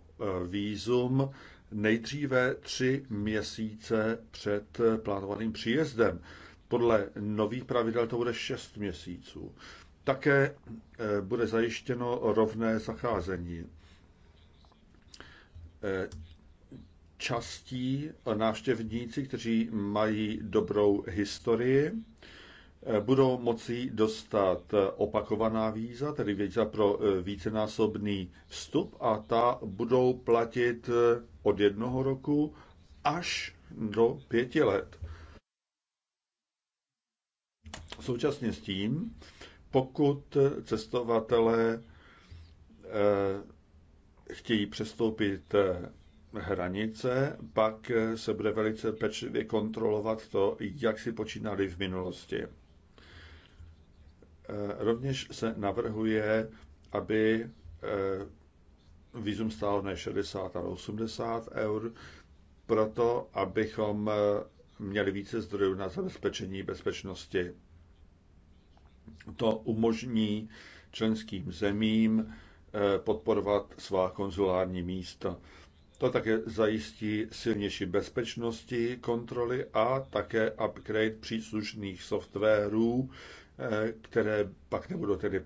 S1: výzum nejdříve tři měsíce před plánovaným příjezdem. Podle nových pravidel to bude šest měsíců. Také bude zajištěno rovné zacházení. Eh, častí návštěvníci, kteří mají dobrou historii, eh, budou moci dostat eh, opakovaná víza, tedy víza pro vícenásobný vstup a ta budou platit od jednoho roku až do pěti let. Současně s tím, pokud cestovatelé chtějí přestoupit eh, hranice, pak eh, se bude velice pečlivě kontrolovat to, jak si počínali v minulosti. Eh, rovněž se navrhuje, aby výzum stál ne 60, ale 80 eur, proto abychom měli více zdrojů na zabezpečení bezpečnosti. To umožní členským zemím Eh, podporovat svá konzulární místa. To také zajistí silnější bezpečnosti kontroly a také upgrade příslušných softwarů, eh, které pak nebudou tedy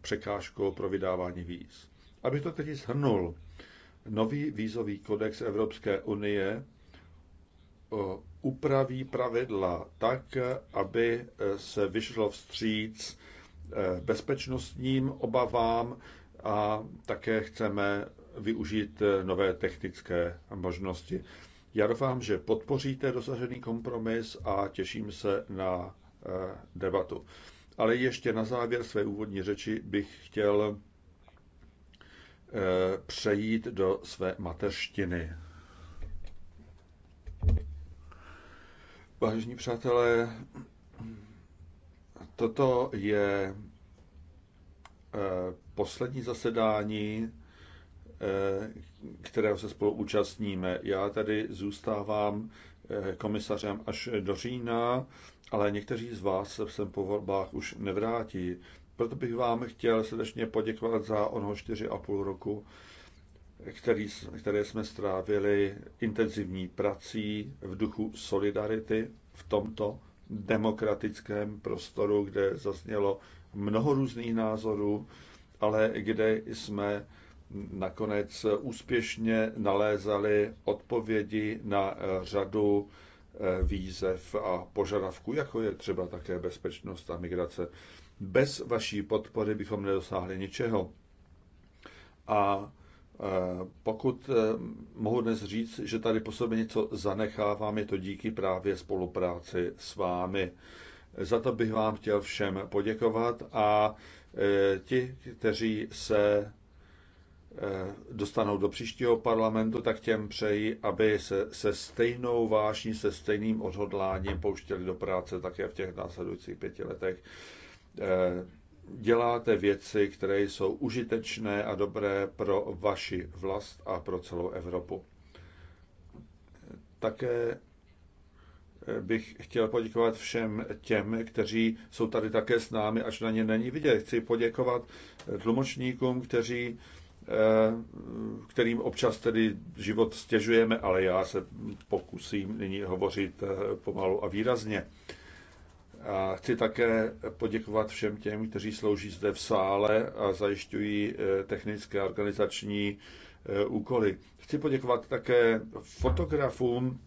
S1: překážkou pro vydávání víz. Aby to tedy shrnul, nový vízový kodex Evropské unie eh, upraví pravidla tak, aby se vyšlo vstříc bezpečnostním obavám, a také chceme využít eh, nové technické možnosti. Já doufám, že podpoříte dosažený kompromis a těším se na eh, debatu. Ale ještě na závěr své úvodní řeči bych chtěl eh, přejít do své mateřštiny. Vážení přátelé, toto je Eh, poslední zasedání, eh, kterého se spolu účastníme. Já tady zůstávám eh, komisařem až do října, ale někteří z vás se sem po volbách už nevrátí. Proto bych vám chtěl srdečně poděkovat za onho 4,5 roku, který, které jsme strávili intenzivní prací v duchu solidarity v tomto demokratickém prostoru, kde zaznělo mnoho různých názorů, ale kde jsme nakonec úspěšně nalézali odpovědi na řadu eh, výzev a požadavků, jako je třeba také bezpečnost a migrace. Bez vaší podpory bychom nedosáhli ničeho. A eh, pokud eh, mohu dnes říct, že tady po sobě něco zanechávám, je to díky právě spolupráci s vámi. Za to bych vám chtěl všem poděkovat a e, ti, kteří se e, dostanou do příštího parlamentu, tak těm přeji, aby se, se stejnou vášní, se stejným odhodláním pouštěli do práce také v těch následujících pěti letech. E, děláte věci, které jsou užitečné a dobré pro vaši vlast a pro celou Evropu. Také bych chtěl poděkovat všem těm, kteří jsou tady také s námi, až na ně není vidět. Chci poděkovat tlumočníkům, kteří, eh, kterým občas tedy život stěžujeme, ale já se pokusím nyní hovořit eh, pomalu a výrazně. A chci také poděkovat všem těm, kteří slouží zde v sále a zajišťují eh, technické a organizační úkoly. Chci poděkovat také fotografům,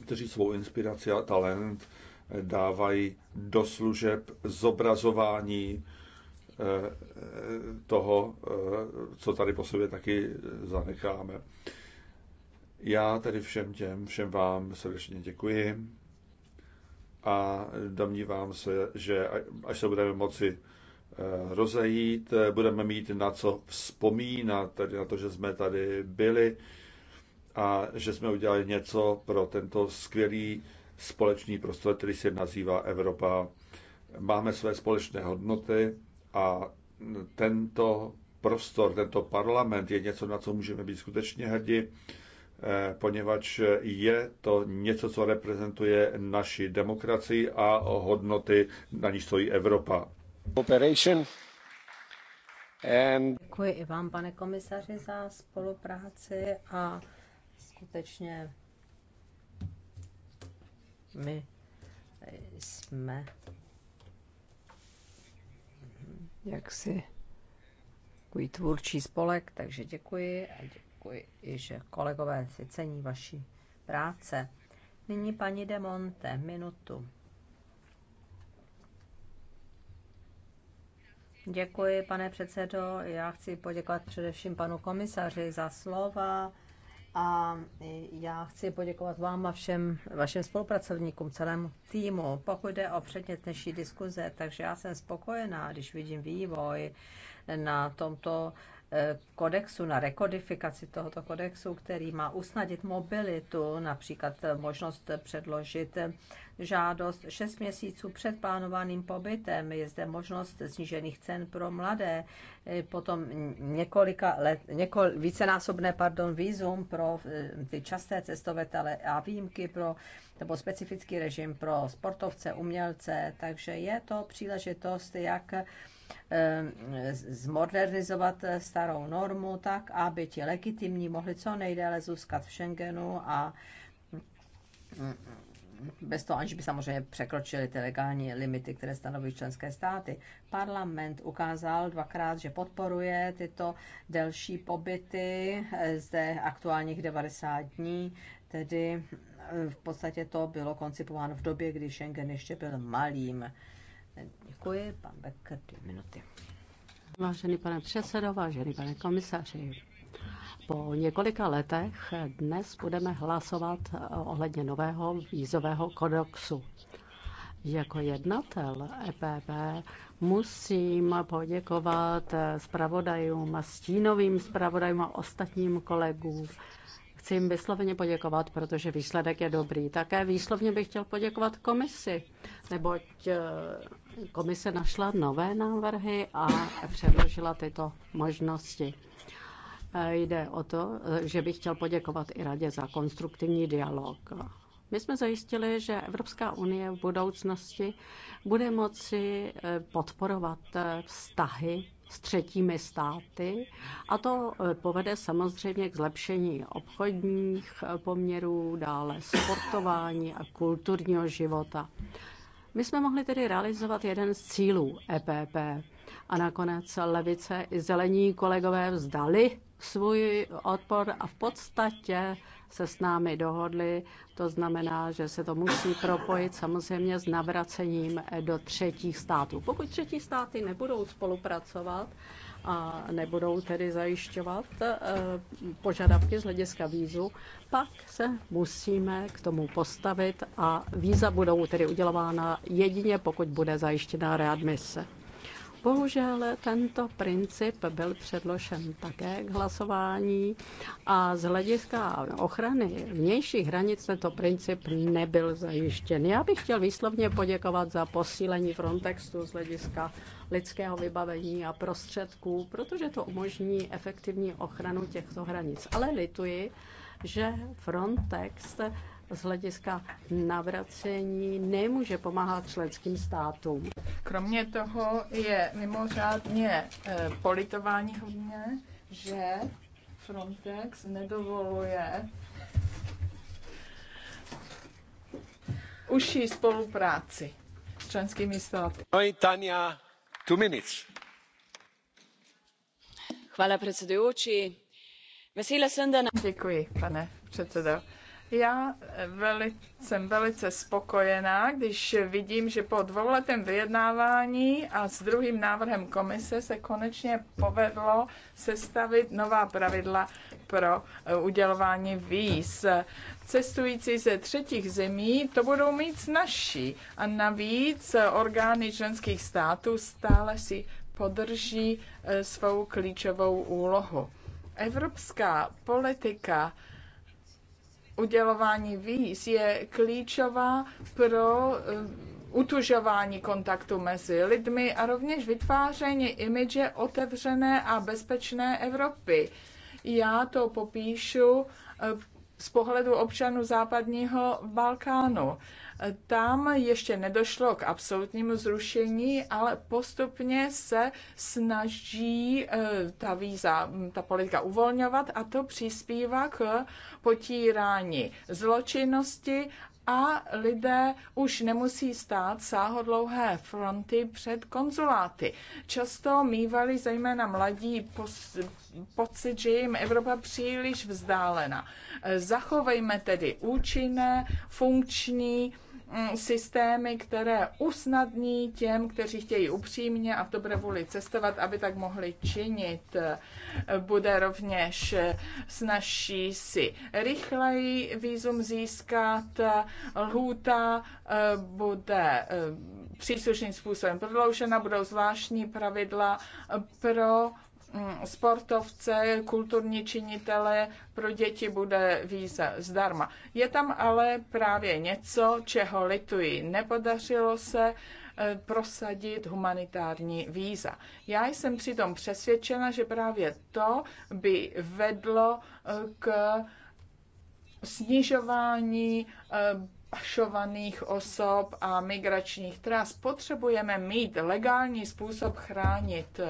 S1: kteří svou inspiraci a talent eh, dávají do služeb zobrazování eh, eh, toho, co tady po sobě taky zanecháme. Já tedy všem těm, všem vám srdečně děkuji a domnívám se, že až se budeme moci rozejít, budeme mít na co vzpomínat, tedy na to, že jsme tady byli, a že jsme udělali něco pro tento skvělý společný prostor, který se nazývá Evropa. Máme své společné hodnoty a tento prostor, tento parlament je něco, na co můžeme být skutečně hrdí, eh, poněvadž je to něco, co reprezentuje naši demokracii a hodnoty, na níž stojí Evropa. Operation. And...
S4: Děkuji i vám, pane komisaři, za spolupráci a skutečně my jsme jaksi takový tvůrčí spolek, takže děkuji a děkuji i, že kolegové si cení vaší práce. Nyní paní Demonte, minutu. Děkuji, pane předsedo. Já chci poděkovat především panu komisaři za slova a já chci poděkovat vám a všem vašim spolupracovníkům, celému týmu. Pokud jde o předmět dnešní diskuze, takže já jsem spokojená, když vidím vývoj na tomto Eh, kodexu, na rekodifikaci tohoto kodexu, který má usnadit mobilitu, například možnost předložit žádost 6 měsíců před plánovaným pobytem. Je zde možnost snížených cen pro mladé, eh, potom několika let, něko, vícenásobné pardon, výzum pro eh, ty časté cestovatele a výjimky pro nebo specifický režim pro sportovce, umělce, takže je to příležitost, jak Eh, zmodernizovat eh, starou normu tak, aby ti legitimní mohli co nejdéle zůstat v Schengenu a mm, bez toho, aniž by samozřejmě překročili ty legální limity, které stanoví členské státy. Parlament ukázal dvakrát, že podporuje tyto delší pobyty eh, zde aktuálních 90 dní, tedy v podstatě to bylo koncipováno v době, kdy Schengen ještě byl malým Děkuji, pan Becker, dvě minuty.
S3: Vážený pane předsedo, vážený pane komisaři, po několika letech dnes budeme hlasovat ohledně nového vízového kodexu. Jako jednatel EPP musím poděkovat zpravodajům, stínovým zpravodajům a ostatním kolegům. Chci jim vysloveně poděkovat, protože výsledek je dobrý. Také výslovně bych chtěl poděkovat komisi, neboť komise našla nové návrhy a předložila tyto možnosti. Eh, jde o to, eh, že bych chtěl poděkovat i radě za konstruktivní dialog. My jsme zajistili, že Evropská unie v budoucnosti bude moci eh, podporovat vztahy s třetími státy a to povede samozřejmě k zlepšení obchodních poměrů, dále sportování a kulturního života. My jsme mohli tedy realizovat jeden z cílů EPP. A nakonec levice i zelení kolegové vzdali svůj odpor a v podstatě se s námi dohodli. To znamená, že se to musí propojit samozřejmě s navracením do třetích států. Pokud třetí státy nebudou spolupracovat, a nebudou tedy zajišťovat eh, požadavky z hlediska vízu, pak se musíme k tomu postavit a víza budou tedy udělována jedině, pokud bude zajištěná readmise. Bohužel tento princip byl předložen také k hlasování a z hlediska ochrany vnějších hranic tento princip nebyl zajištěn. Já bych chtěl výslovně poděkovat za posílení Frontexu z hlediska lidského vybavení a prostředků, protože to umožní efektivní ochranu těchto hranic. Ale lituji, že Frontex z hlediska navracení nemůže pomáhat členským státům. Kromě toho
S2: je mimořádně e, politování hodně, že Frontex nedovoluje užší spolupráci s členskými státy.
S5: No i Tania, two minutes.
S2: předsedující. predsedujoči. jsem, Děkuji, pane předsedo. Já eh, veli, jsem velice spokojená, když vidím, že po dvouletém vyjednávání a s druhým návrhem komise se konečně povedlo sestavit nová pravidla pro eh, udělování víz. Cestující ze třetích zemí to budou mít snažší a navíc orgány členských států stále si podrží eh, svou klíčovou úlohu. Evropská politika udělování víz je klíčová pro eh, utužování kontaktu mezi lidmi a rovněž vytváření imidže otevřené a bezpečné Evropy. Já to popíšu eh, z pohledu občanů západního Balkánu. Tam ještě nedošlo k absolutnímu zrušení, ale postupně se snaží eh, ta víza, mm, ta politika uvolňovat a to přispívá k potírání zločinnosti a lidé už nemusí stát sáhodlouhé fronty před konzuláty. Často mývali zejména mladí pocit, že jim Evropa příliš vzdálena. Eh, zachovejme tedy účinné, funkční Mm, systémy, které usnadní těm, kteří chtějí upřímně a v dobré vůli cestovat, aby tak mohli činit. Bude rovněž snažší si rychleji výzum získat, lhůta eh, bude eh, příslušným způsobem prodloužena, budou zvláštní pravidla pro Mm, sportovce, kulturní činitele, pro děti bude víza zdarma. Je tam ale právě něco, čeho lituji. Nepodařilo se eh, prosadit humanitární víza. Já jsem přitom přesvědčena, že právě to by vedlo eh, k snižování eh, pašovaných osob a migračních tras. Potřebujeme mít legální způsob chránit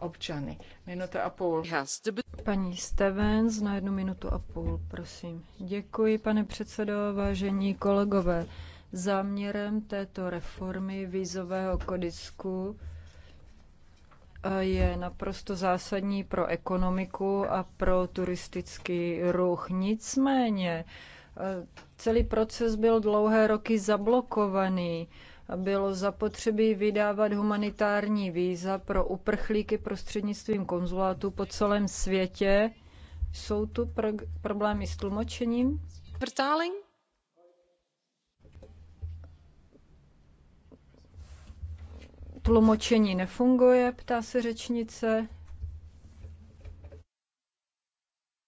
S2: občany. Minuta a půl. Paní Stevens,
S7: na jednu minutu a půl, prosím. Děkuji, pane předsedo, vážení kolegové. Záměrem této reformy vízového kodisku eh, je naprosto zásadní pro ekonomiku a pro turistický ruch. Nicméně eh, Celý proces byl dlouhé roky zablokovaný. Bylo zapotřebí vydávat humanitární víza pro uprchlíky prostřednictvím konzulátů po celém světě. Jsou tu pro- problémy s tlumočením? Vertaling? Tlumočení nefunguje, ptá se řečnice.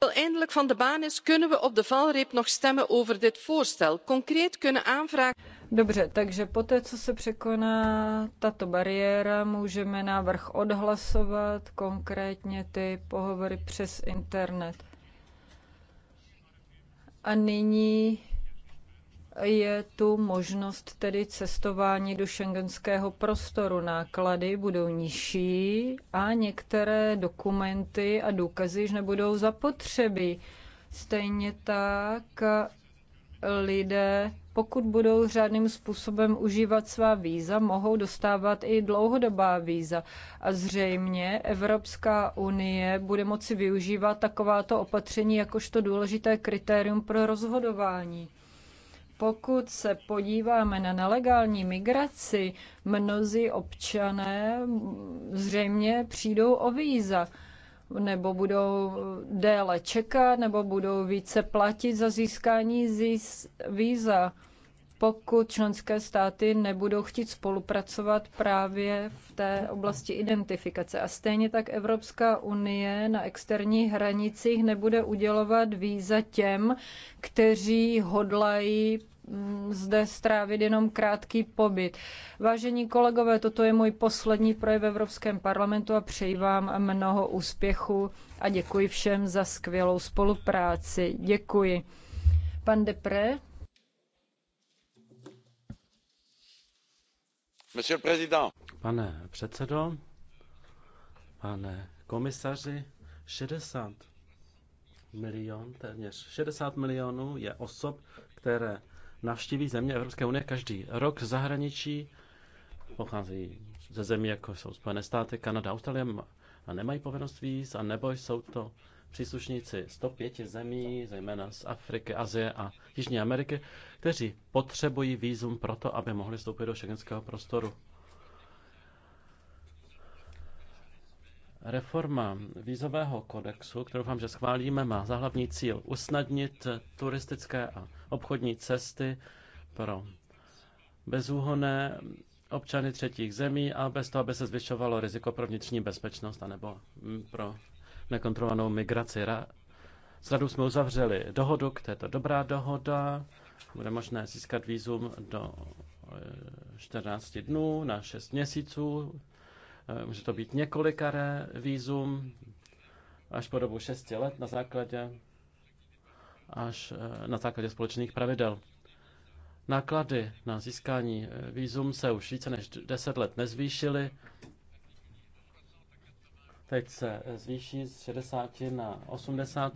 S7: eindelijk van de baan is kunnen we op de valreep nog stemmen over dit voorstel. concreet kunnen aanvragen. Dobře, takže poté, co se překoná tato bariéra, můžeme návrh odhlasovat, konkrétně ty pohovory přes internet. A nyní je tu možnost tedy cestování do šengenského prostoru. Náklady budou nižší a některé dokumenty a důkazy již nebudou zapotřebí. Stejně tak lidé, pokud budou řádným způsobem užívat svá víza, mohou dostávat i dlouhodobá víza. A zřejmě Evropská unie bude moci využívat takováto opatření jakožto důležité kritérium pro rozhodování. Pokud se podíváme na nelegální migraci, mnozí občané zřejmě přijdou o víza nebo budou déle čekat, nebo budou více platit za získání víza pokud členské státy nebudou chtít spolupracovat právě v té oblasti identifikace. A stejně tak Evropská unie na externích hranicích nebude udělovat víza těm, kteří hodlají mm, zde strávit jenom krátký pobyt. Vážení kolegové, toto je můj poslední projev v Evropském parlamentu a přeji vám mnoho úspěchu a děkuji všem za skvělou spolupráci. Děkuji. Pan Depre.
S8: Pane předsedo, pane komisaři, 60 milion, téměř 60 milionů je osob, které navštíví země Evropské unie každý rok zahraničí. Pocházejí ze zemí, jako jsou Spojené státy, Kanada, Austrálie a nemají povinnost víz, a nebo jsou to příslušníci 105 zemí, zejména z Afriky, Azie a Jižní Ameriky kteří potřebují výzum pro to, aby mohli vstoupit do šengenského prostoru. Reforma vízového kodexu, kterou vám, že schválíme, má za hlavní cíl usnadnit turistické a obchodní cesty pro bezúhonné občany třetích zemí a bez toho, aby se zvyšovalo riziko pro vnitřní bezpečnost anebo pro nekontrolovanou migraci. S radou jsme uzavřeli dohodu, která je to dobrá dohoda, bude možné získat výzum do 14 eh, dnů na 6 měsíců. Eh, může to být několikaré výzum až po dobu 6 let na základě až eh, na základě společných pravidel. Náklady na získání výzum se už více než 10 let nezvýšily. Teď se zvýší z 60 na 80